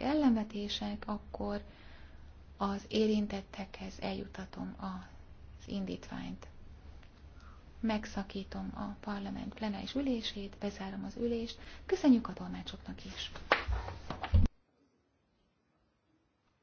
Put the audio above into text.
nincsenek ellenvetések, akkor az érintettekhez eljutatom az indítványt. Megszakítom a parlament plenáris ülését, bezárom az ülést. Köszönjük a tolmácsoknak is!